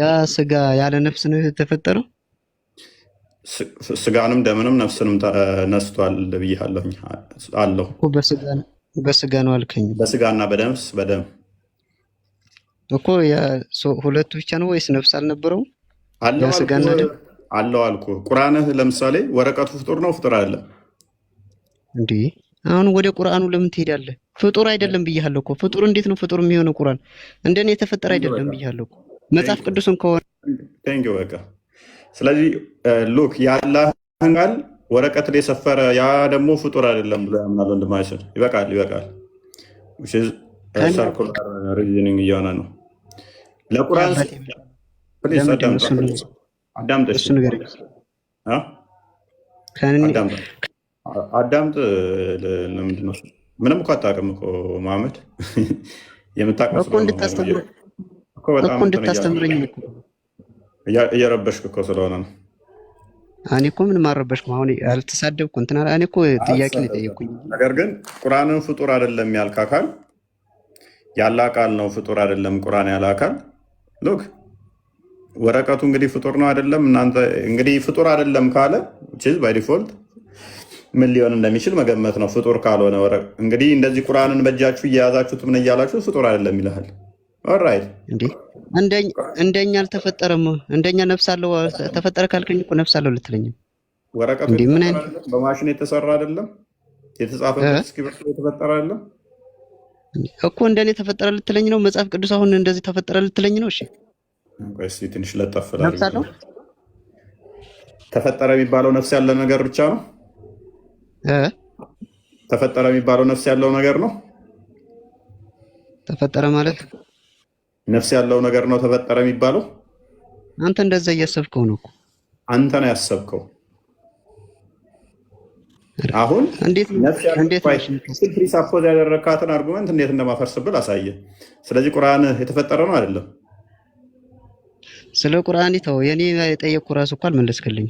ያ ስጋ ያለ ነፍስ ነው የተፈጠረው። ስጋንም ደምንም ነፍስንም ነስቷል ብያለሁ አለሁ። በስጋ ነው አልከኝ። በስጋና በደምስ በደም እኮ ሁለቱ ብቻ ነው ወይስ ነፍስ አልነበረውም? ስጋና ደም አለው አልኩ። ቁርአንህ ለምሳሌ ወረቀቱ ፍጡር ነው ፍጡር አለ እንዴ? አሁን ወደ ቁርአኑ ለምን ትሄዳለህ? ፍጡር አይደለም ብያለሁ እኮ። ፍጡር እንዴት ነው ፍጡር የሚሆነው? ቁርአን እንደኔ የተፈጠረ አይደለም ብያለሁ እኮ መጽሐፍ ቅዱስን ከሆነ በቃ ስለዚህ ሉክ ያላህን ቃል ወረቀት ላይ የሰፈረ ያ ደግሞ ፍጡር አይደለም ብሎ ያምናል ወንድማችን። ይበቃል ይበቃል። ሰርኩላር ሪዝኒንግ እየሆነ ነው። ለቁርአን አዳምጥ። ምንም እኮ አታውቅም እኮ መሐመድ የምታውቀው እኮ በጣም እንድታስተምረኝ እየረበሽክ እኮ ስለሆነ ነው። እኔ እኮ ምን ማረበሽኩም። አሁን አልተሳደብኩ እንትና እኔ እኮ ጥያቄ ነው የጠየቅኩኝ። ነገር ግን ቁርአንን ፍጡር አይደለም ያልክ አካል ያለ አቃል ነው ፍጡር አይደለም ቁርአን ያለ አካል ሉክ ወረቀቱ እንግዲህ ፍጡር ነው አይደለም? እናንተ እንግዲህ ፍጡር አይደለም ካለ ችዝ ባይ ዲፎልት ምን ሊሆን እንደሚችል መገመት ነው። ፍጡር ካልሆነ እንግዲህ እንደዚህ ቁርአንን በእጃችሁ እየያዛችሁት ምን እያላችሁ ፍጡር አይደለም ይልሃል። እንደኛ አልተፈጠረም። እንደኛ ነፍስ አለው ተፈጠረ ካልከኝ እኮ ነፍስ አለው ልትለኝም ወረቀቱ በማሽን የተሰራ አይደለም፣ የተጻፈበት እስክሪብቶ የተፈጠረ አይደለም እኮ እንደኔ ተፈጠረ ልትለኝ ነው። መጽሐፍ ቅዱስ አሁን እንደዚህ ተፈጠረ ልትለኝ ነው? እሺ እስኪ ትንሽ ለጠፍ ተፈጠረ የሚባለው ነፍስ ያለ ነገር ብቻ ነው። ተፈጠረ የሚባለው ነፍስ ያለው ነገር ነው። ተፈጠረ ማለት ነፍስ ያለው ነገር ነው ተፈጠረ የሚባለው። አንተ እንደዛ እያሰብከው ነው አንተ ነው ያሰብከው። አሁን ፕሪሳፖዝ ያደረካትን አርጉመንት እንዴት እንደማፈርስብል አሳየ። ስለዚህ ቁርአን የተፈጠረ ነው አይደለም? ስለ ቁርአን ተው። የኔ የጠየቅኩ ራሱ እኮ አልመለስክልኝ።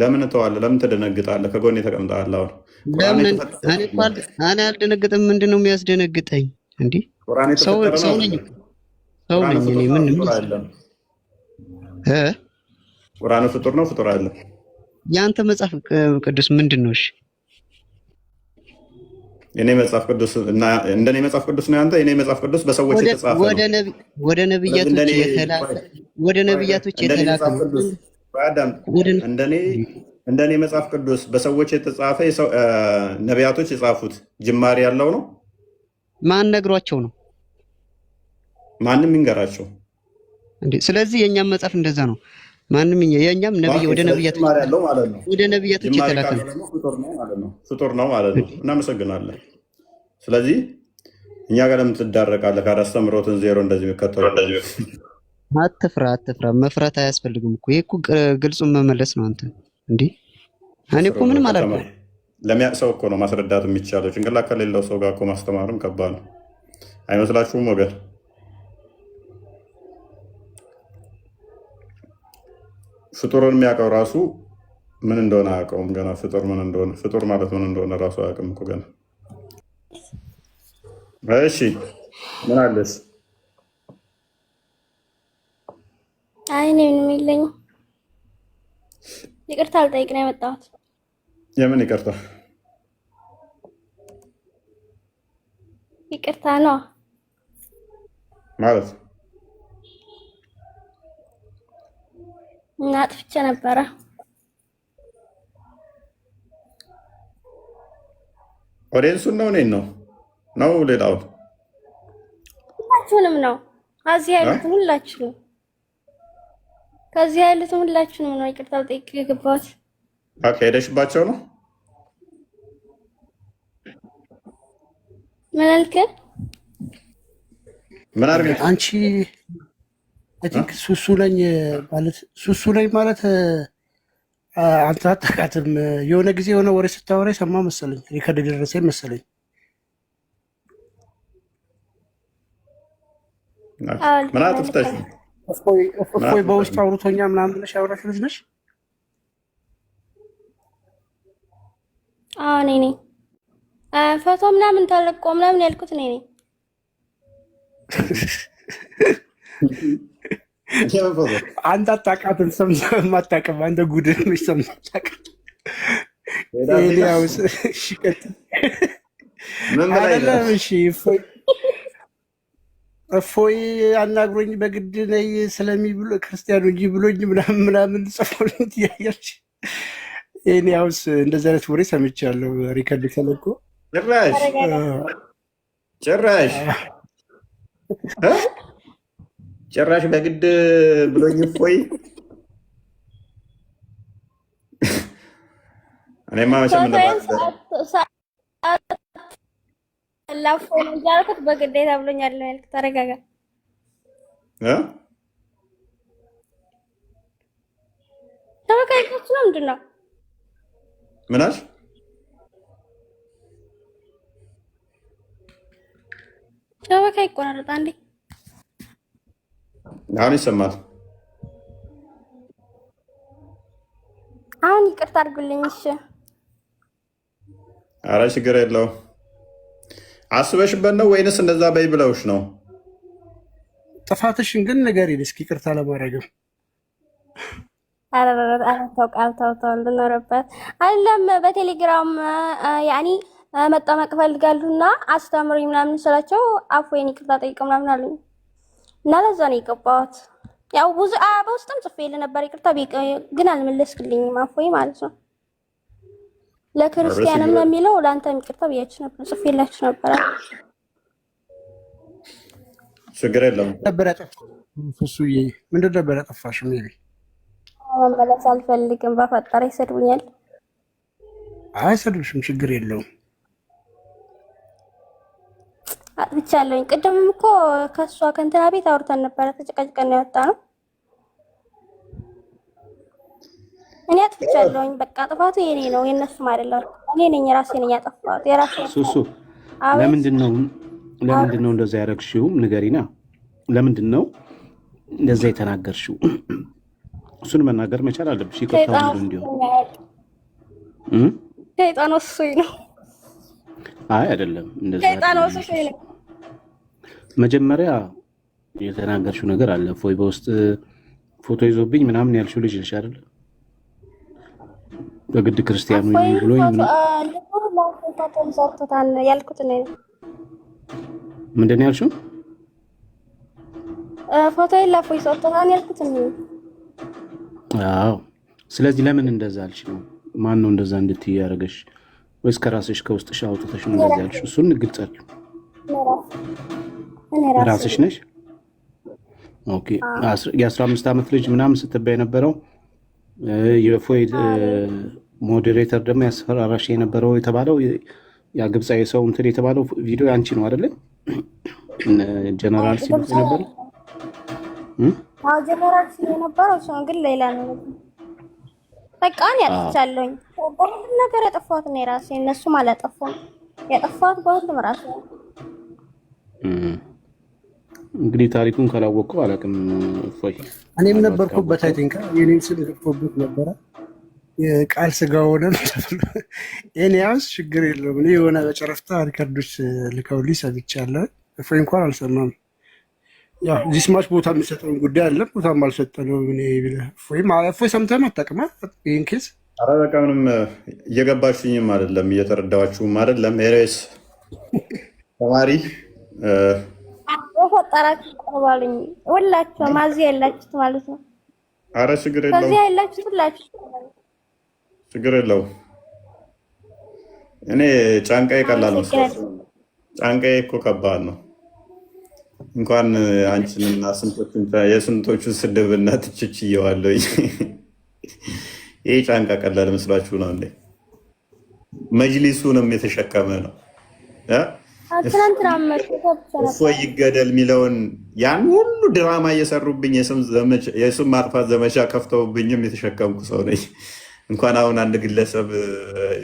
ለምን ተዋለ? ለምን ትደነግጣለህ? ከጎን ተቀምጠሃል። አሁን እኔ አልደነግጥም። ምንድነው የሚያስደነግጠኝ? እንዲህ ሰው ነኝ እኮ ሰው ነኝ እኔ ምን እ ቁርአኑ ፍጡር ነው ፍጡር አለ። የአንተ መጽሐፍ ቅዱስ ምንድን ነው? እሺ እኔ መጽሐፍ ቅዱስ እና እንደኔ መጽሐፍ ቅዱስ ነው ያንተ። እኔ መጽሐፍ ቅዱስ በሰዎች የተጻፈ ነው። ወደ ወደ ነብያቶች የተላከ ወደ ነብያቶች የተላከ እንደኔ እንደኔ መጽሐፍ ቅዱስ በሰዎች የተጻፈ ነቢያቶች የጻፉት ጅማሬ ያለው ነው። ማን ነግሯቸው ነው? ማንም ይንገራቸው። ስለዚህ የእኛም መጽሐፍ እንደዛ ነው። ማንም የእኛም ነብይ ወደ ነብያቶች ወደ ነብያቶች የተላከ ፍጡር ነው ማለት ነው። እናመሰግናለን። ስለዚህ እኛ ጋር ለምን ትዳረቃለህ? አስተምሮትን ዜሮ እንደዚህ የሚከተሉ አትፍራ፣ አትፍራ። መፍራት አያስፈልግም እኮ ይህ ግልጹን መመለስ ነው። አንተ እንዲህ እኔ እኮ ምንም አላልኩም። ለሚያቅ ሰው እኮ ነው ማስረዳት የሚቻለው። ጭንቅላት ከሌለው ሰው ጋር እኮ ማስተማርም ከባድ ነው። አይመስላችሁም ወገን? ፍጡርን የሚያውቀው ራሱ ምን እንደሆነ አያውቀውም። ገና ፍጡር ምን እንደሆነ ፍጡር ማለት ምን እንደሆነ ራሱ አያውቅም እኮ ገና። እሺ ምን አለስ? አይ እኔ ምንም የለኝም። ይቅርታ ልጠይቅ ነው የመጣሁት። የምን ይቅርታ? ይቅርታ ነው ማለት እና አጥፍቼ ነበረ። ኦዲየንሱን ነው እኔን ነው ነው ሌላውን ሁላችሁንም ነው ከዚህ ያሉትን ሁላችሁንም ከዚህ ያሉትን ሁላችሁንም ነው ይቅርታ ጠይቅ የገባሁት። ኦኬ ሄደሽባቸው ነው ምን አልከኝ? ምን አድርገሽ አንቺ ሱሱ ለኝ ማለት ሱሱ ለኝ ማለት አንተ አታውቃትም። የሆነ ጊዜ የሆነ ወሬ ስታወራ የሰማ መሰለኝ ሪከርድ ደረሰኝ መሰለኝ። ምን አጥፍተሽ እፎይ በውስጥ አውርቶኛ ምናምን ብለሽ ያወራሽ ልጅ ነሽ። አዎ እኔ ነኝ። ፎቶ ምናምን ተለቆ ምናምን ያልኩት እኔ ነኝ። አንድ አታውቃትም፣ ሰማታቅም አንተ ጉድህ ነች ሰማታቅም። ኤልያስ አይደለም እሺ፣ እፎይ አናግሮኝ በግድ ነይ ስለሚብሎ ክርስቲያኑ እንጂ ብሎኝ ምናምን ምናምን ጽፎልኝ እያያች ኤልያስ፣ እንደዚህ አይነት ወሬ ሰምቻለሁ። ሪከርድ ተለቆ ጭራሽ ጭራሽ ጭራሽ በግድ ብሎኝ እፎይ። እኔማ መቼም እንዳልኩት በግዴታ ብሎኛል ተረጋጋ። ነው ምንድን ነው ተመካይ ይቆራረጣ እንዴ? አሁን ይሰማል። አሁን ይቅርታ አድርጉልኝ። እሺ፣ አረ ችግር የለው። አስበሽበት ነው ወይንስ እንደዛ በይ ብለውሽ ነው? ጥፋትሽን ግን ንገሪን እስኪ ይቅርታ ለማድረግም ተው ቃል ተው ተው እንድኖርበት አይደለም። በቴሌግራም ያኒ መጠመቅ ፈልጋሉና አስተምሪ ምናምን ስላቸው አፎ ይቅርታ ጠይቀው ምናምን አሉኝ። እና ለዛ ነው የገባሁት። ያው ብዙ በውስጥም ጽፌልህ ነበር፣ ይቅርታ ግን አልመለስክልኝም። አፎይ ማለት ነው ለክርስቲያንም ነው የሚለው ለአንተም ይቅርታ ብያችሁ ነበር፣ ጽፌላችሁ ነበር። ችግር የለውም። ምንድን ነበር ያጠፋሽ? ሜቢ መመለስ አልፈልግም። በፈጠረ ይሰድቡኛል። አይሰድብሽም፣ ችግር የለውም። አጥብቻለሁኝ። ቅድምም እኮ ከእሷ ከእንትና ቤት አውርተን ነበረ፣ ተጨቃጭቀን ያወጣ ነው። እኔ አጥፍቻለሁኝ። በቃ ጥፋቱ የኔ ነው የእነሱም አይደለም። እኔ ነኝ ራሴ ነኝ ያጠፋሁት የራሴ ሱሱ። ለምንድን ነው ለምንድን ነው እንደዛ ያደረግሽውም ንገሪና። ለምንድን ነው እንደዛ የተናገርሽው? እሱን መናገር መቻል አለብሽ። ይቀጣው እንዲሁ ሰይጣን ወስሶኝ ነው። አይ አይደለም እንደዛ ሰይጣን ወስሶኝ ነው። መጀመሪያ የተናገርሽው ነገር አለ። ፎይ በውስጥ ፎቶ ይዞብኝ ምናምን ያልሽው ልጅ ልሽ አይደለ? በግድ ክርስቲያኑ ብሎኝ ያልኩት ምንድን ነው ያልሽው? ፎቶ ላፎይ ሰጥቶታል ያልኩት። አዎ። ስለዚህ ለምን እንደዛ አልሽ ነው? ማን ነው እንደዛ እንድትይ ያደረገሽ? ወይስ ከራስሽ ከውስጥሽ አውጥተሽ ነው እንደዚህ ያልሽ? እሱን ግልጽ ግልጻችሁ ራስሽ ነሽ? የአስራ አምስት ዓመት ልጅ ምናምን ስትባይ የነበረው የፎይ ሞዴሬተር ደግሞ ያስፈራራሽ የነበረው የተባለው ያ ግብፃዊ ሰው እንትን የተባለው ቪዲዮ አንቺ ነው አይደለ? ጀነራል ሲሉ የነበረው ጀነራል ሲሉ የነበረው እሱን ግን ሌላ ነው። በቃ እኔ አጥፍቻለሁኝ። በሁሉም ነገር ያጠፋት እኔ ራሴ፣ እነሱም አላጠፋም። ያጠፋት በሁሉም ነው። እንግዲህ ታሪኩን ካላወቅኩ አላውቅም። እፎይ እኔም ነበርኩበት። አይ የኔም ስል ገብቶበት ነበረ። ቃል ስጋ ሆነ ኤንያስ ችግር የለውም። እኔ የሆነ በጨረፍታ ሪከርዶች ልከውልኝ ሰምቻለሁ። እፎይ እንኳን አልሰማም። ያው ዚስ ቦታ የሚሰጠውን ጉዳይ አለ። ቦታም አልሰጠነውም። እኔ ብለህ እፎይ ሰምተህም አታውቅም ይህን ኬዝ አረ በቃ ምንም እየገባችሁኝም አይደለም እየተረዳኋችሁም አይደለም። ኤሬስ ተማሪ በፈጠራችሁ ተባሉኝ። ሁላችሁም እዚህ ያላችሁት ማለት ነው። አረ ችግር የለውም። ከዚህ ያላችሁት ሁላችሁ ችግር የለውም። እኔ ጫንቃዬ ቀላል ነው። ጫንቃዬ እኮ ከባድ ነው። እንኳን አንቺንና ስንቶቹን የስንቶቹን ስድብና ትችች እየዋለሁ። ይህ ጫንቃ ቀላል መስሏችሁ ነው እንዴ? መጅሊሱንም የተሸከመ ነው። እፎይ ይገደል የሚለውን ያን ሁሉ ድራማ እየሰሩብኝ የስም ማጥፋት ዘመቻ ከፍተውብኝም የተሸከምኩ ሰው ነኝ። እንኳን አሁን አንድ ግለሰብ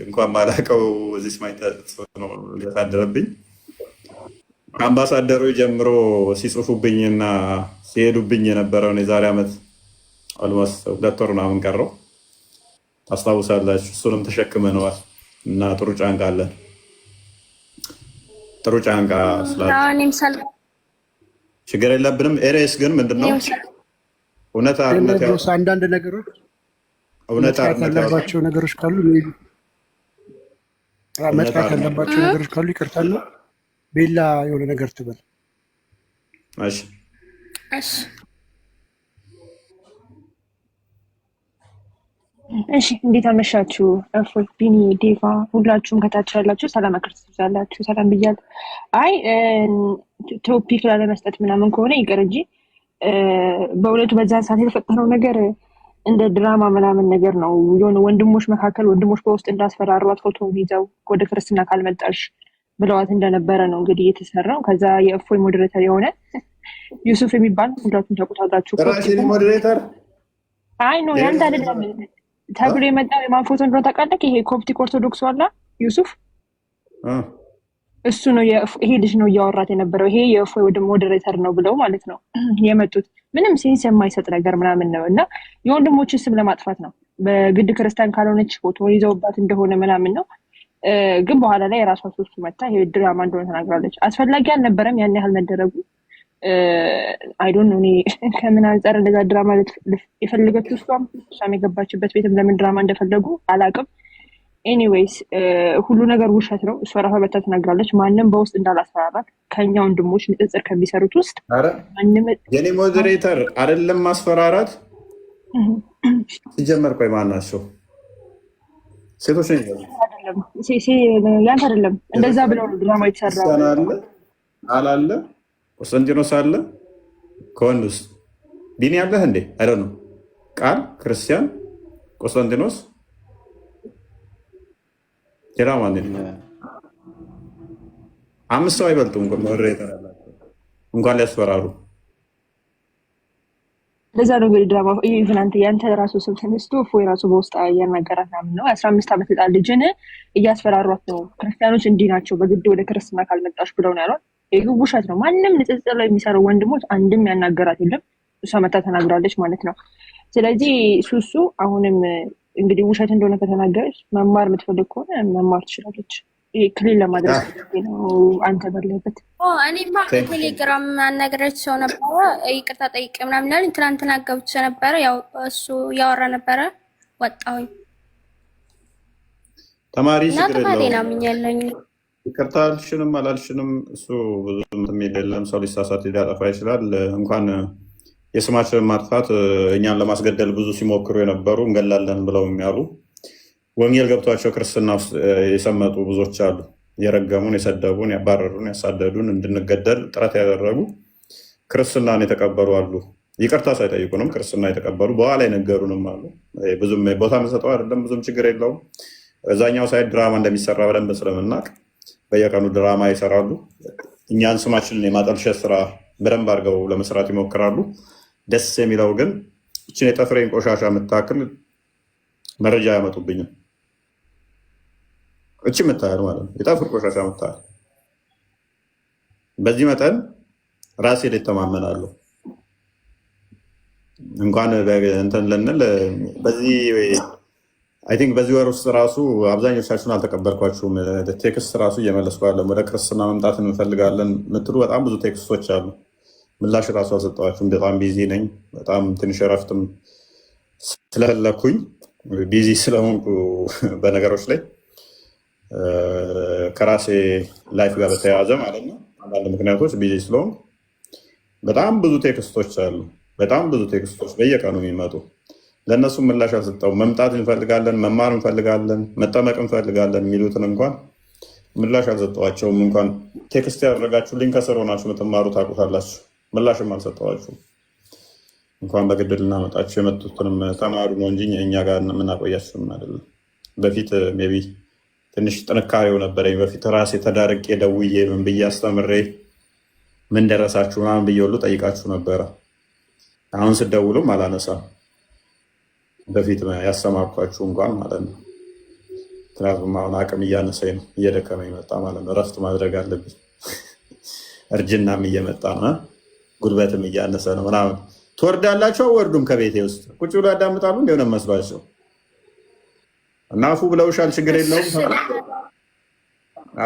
እንኳን ማላቀው እዚህ ስማኝ ተጽፎ ነው ያሳደረብኝ። ከአምባሳደሩ ጀምሮ ሲጽፉብኝና ሲሄዱብኝ የነበረውን የዛሬ ዓመት አልሞስት ሁለት ወር ምናምን ቀረው ታስታውሳላችሁ። እሱንም ተሸክመነዋል እና ጥሩ ጫንቃለን ጥሩ ጫንቃ ስላለ ችግር የለብንም። ኤሬስ ግን ምንድን ነው እውነት አርነት አንዳንድ ነገሮች እውነት ያለባቸው ነገሮች ካሉ መጥቃት ያለባቸው ነገሮች ካሉ ይቅርታና ቤላ የሆነ ነገር ትበል። እሺ እሺ እሺ እንዴት አመሻችሁ? እፎይ፣ ቢኒ፣ ዴቫ ሁላችሁም ከታች ያላችሁ ሰላም ክርስቶስ ያላችሁ ሰላም ብያለሁ። አይ ቶፒክ ላለመስጠት ምናምን ከሆነ ይቅር እንጂ በእውነቱ በዛ ሰዓት የተፈጠረው ነገር እንደ ድራማ ምናምን ነገር ነው። የሆነ ወንድሞች መካከል ወንድሞች በውስጥ እንዳስፈራሯት ፎቶ ይዘው ወደ ክርስትና ካልመጣሽ ብለዋት እንደነበረ ነው እንግዲህ የተሰራው። ከዛ የእፎይ ሞዴሬተር የሆነ ዩሱፍ የሚባል ሁላችሁም ታውቁታላችሁ። ሞዴሬተር አይ ነው ያንተ አይደለም ተብሎ የመጣው የማን ፎቶ እንደሆነ ታውቃለህ? ይሄ ኮፕቲክ ኦርቶዶክስ ዋላ ዩሱፍ እሱ ነው። ይሄ ልጅ ነው እያወራት የነበረው ይሄ የእፎ ወደ ሞዴሬተር ነው ብለው ማለት ነው የመጡት። ምንም ሴንስ የማይሰጥ ነገር ምናምን ነው እና የወንድሞችን ስም ለማጥፋት ነው። በግድ ክርስቲያን ካልሆነች ፎቶ ይዘውባት እንደሆነ ምናምን ነው። ግን በኋላ ላይ የራሷ ሶስቱ መታ ይሄ ድራማ እንደሆነ ተናግራለች። አስፈላጊ አልነበረም ያን ያህል መደረጉ። አይዶን እኔ ከምን አንጻር እንደዛ ድራማ የፈለገች እሷም እሷም የገባችበት ቤትም ለምን ድራማ እንደፈለጉ አላቅም። ኤኒዌይስ ሁሉ ነገር ውሸት ነው። እሷ ራሷ በታ ትነግራለች። ማንም በውስጥ እንዳላስፈራራት ከኛ ወንድሞች ንጽጽር ከሚሰሩት ውስጥ የኔ ሞዴሬተር አይደለም ማስፈራራት ሲጀመር። ቆይ ማናቸው ሴቶች ነው ያንተ አይደለም እንደዛ ብለው ድራማ የተሰራ አላለም ቆስጠንጢኖስ አለ ከወንድ ውስጥ ቢኒ ያለህ እንዴ? አይደ ነው ቃል ክርስቲያን ቆስጠንጢኖስ ሌላ ማን አምስት ሰው አይበልጡም። እንኳን ሊያስፈራሩ ለዛ ነው እንግዲህ ድራማ ትናንት ያንተ ራሱ ስም ተነስቶ ፎ ራሱ በውስጥ እያናገራት ምናምን ነው። አስራ አምስት ዓመት ህፃን ልጅን እያስፈራሯት ነው። ክርስቲያኖች እንዲህ ናቸው፣ በግድ ወደ ክርስትና ካልመጣች ብለው ነው ያሏት። ይህ ውሸት ነው። ማንም ንጽጽር ላይ የሚሰሩ ወንድሞች አንድም ያናገራት የለም። እሷ መታ ተናግራለች ማለት ነው። ስለዚህ ሱሱ አሁንም እንግዲህ ውሸት እንደሆነ ከተናገረች መማር የምትፈልግ ከሆነ መማር ትችላለች። ክሊል ለማድረግ ነው። አንተ ባለበት እኔማ ቴሌግራም ያናገረች ሰው ነበረ። ይቅርታ ጠይቅ ምናምን ላል ትናንትና ገብቼ ነበረ። ያው እሱ እያወራ ነበረ ወጣሁኝ። ተማሪ ሽግር የለውም ይቅርታ አልሽንም አላልሽንም እሱ ብዙ የሚል የለም። ሰው ሊሳሳት ሊያጠፋ ይችላል። እንኳን የስማችንን ማጥፋት እኛን ለማስገደል ብዙ ሲሞክሩ የነበሩ እንገላለን ብለው የሚያሉ ወንጌል ገብቷቸው ክርስትና ውስጥ የሰመጡ ብዙዎች አሉ። የረገሙን፣ የሰደቡን፣ ያባረሩን፣ ያሳደዱን እንድንገደል ጥረት ያደረጉ ክርስትናን የተቀበሉ አሉ። ይቅርታ ሳይጠይቁንም ክርስትና የተቀበሉ በኋላ የነገሩንም አሉ። ብዙም ቦታ መሰጠው አይደለም፣ ብዙም ችግር የለውም። እዛኛው ሳይድ ድራማ እንደሚሰራ በደንብ ስለምናቅ በየቀኑ ድራማ ይሰራሉ። እኛን ስማችንን የማጠልሸት ስራ በደንብ አድርገው ለመስራት ይሞክራሉ። ደስ የሚለው ግን እችን የጠፍሬን ቆሻሻ የምታክል መረጃ አያመጡብኝም። እች የምታህል ማለት ነው የጠፍር ቆሻሻ የምታህል በዚህ መጠን ራሴ ላይ እተማመናለሁ። እንኳን እንትን ልንል በዚህ አይ ቲንክ በዚህ ወር ውስጥ ራሱ አብዛኞቻችሁን አልተቀበልኳችሁም። ቴክስት ራሱ እየመለስኩ አይደለም። ወደ ክርስትና መምጣት እንፈልጋለን የምትሉ በጣም ብዙ ቴክስቶች አሉ። ምላሽ ራሱ አልሰጠኋችሁም። በጣም ቢዚ ነኝ። በጣም ትንሽ እረፍትም ስለፈለኩኝ ቢዚ ስለሆንኩ በነገሮች ላይ ከራሴ ላይፍ ጋር በተያያዘ ማለት ነው። አንዳንድ ምክንያቶች ቢዚ ስለሆንኩ በጣም ብዙ ቴክስቶች አሉ። በጣም ብዙ ቴክስቶች በየቀኑ የሚመጡ ለእነሱ ምላሽ አልሰጠው። መምጣት እንፈልጋለን፣ መማር እንፈልጋለን፣ መጠመቅ እንፈልጋለን የሚሉትን እንኳን ምላሽ አልሰጠዋቸውም። እንኳን ቴክስት ያደረጋችሁልኝ ከስር ሆናችሁ የምትማሩ ታውቁታላችሁ። ምላሽም አልሰጠዋችሁም። እንኳን በግድ ልናመጣችሁ የመጡትንም ተማሩ ነው እንጂ እኛ ጋር የምናቆያችሁም አይደለም። በፊት ሜይ ቢ ትንሽ ጥንካሬው ነበረኝ። በፊት ራሴ ተዳርቄ ደውዬ ምን ብዬ አስተምሬ ምን ደረሳችሁ ምናምን ብዬ ሁሉ ጠይቃችሁ ነበረ። አሁን ስደውሉም አላነሳም በፊት ያሰማርኳችሁ እንኳን ማለት ነው። ምክንያቱም አሁን አቅም እያነሰኝ ነው፣ እየደከመ ይመጣ ማለት ነው። እረፍት ማድረግ አለብኝ። እርጅናም እየመጣ ነው፣ ጉልበትም እያነሰ ነው ምናምን። ትወርዳላችሁ አወርዱም። ከቤቴ ውስጥ ቁጭ ብሎ ያዳምጣሉ እንደሆነ መስሏቸው እና አፉ ብለውሻል፣ ችግር የለውም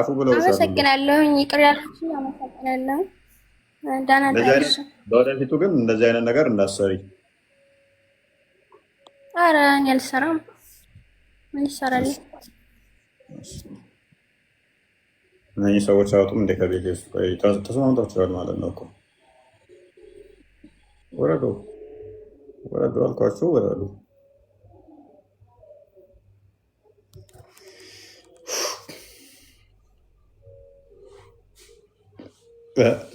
አፉ ብለውሻል። አመሰግናለሁ። ይቅር ያላችሁ አመሰግናለሁ። ደህና በወደፊቱ ግን እንደዚህ አይነት ነገር እንዳሰሪ ኧረ እኔ አልሰራም። ምን ይሰራል? እነዚህ ሰዎች አያወጡም እንደ ከቤት ተስማምታችኋል ማለት ነው እኮ ወረዱ ወረዱ አልኳችሁ፣ ወረዱ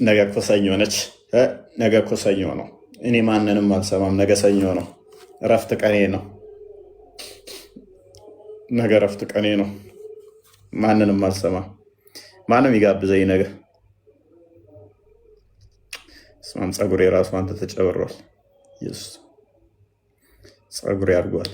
ነገ እኮ ሰኞ ነች። ነገ እኮ ሰኞ ነው። እኔ ማንንም አልሰማም። ነገ ሰኞ ነው። እረፍት ቀኔ ነው። ነገ እረፍት ቀኔ ነው። ማንንም አልሰማ፣ ማንም ይጋብዘኝ ነገ። ስማም ፀጉሬ ራሱ አንተ ተጨብሯል። ኢየሱስ ፀጉሬ አድጓል።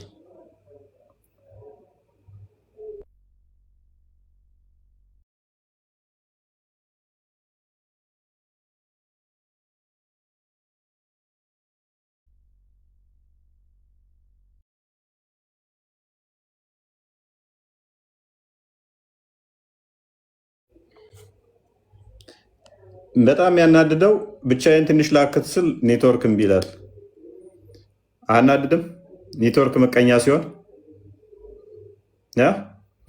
በጣም ያናድደው ብቻዬን ትንሽ ላክት ስል ኔትወርክ እምቢ ይላል። አናድድም? ኔትወርክ ምቀኛ ሲሆን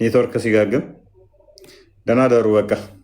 ኔትወርክ ሲጋግም ደናደሩ ደሩ በቃ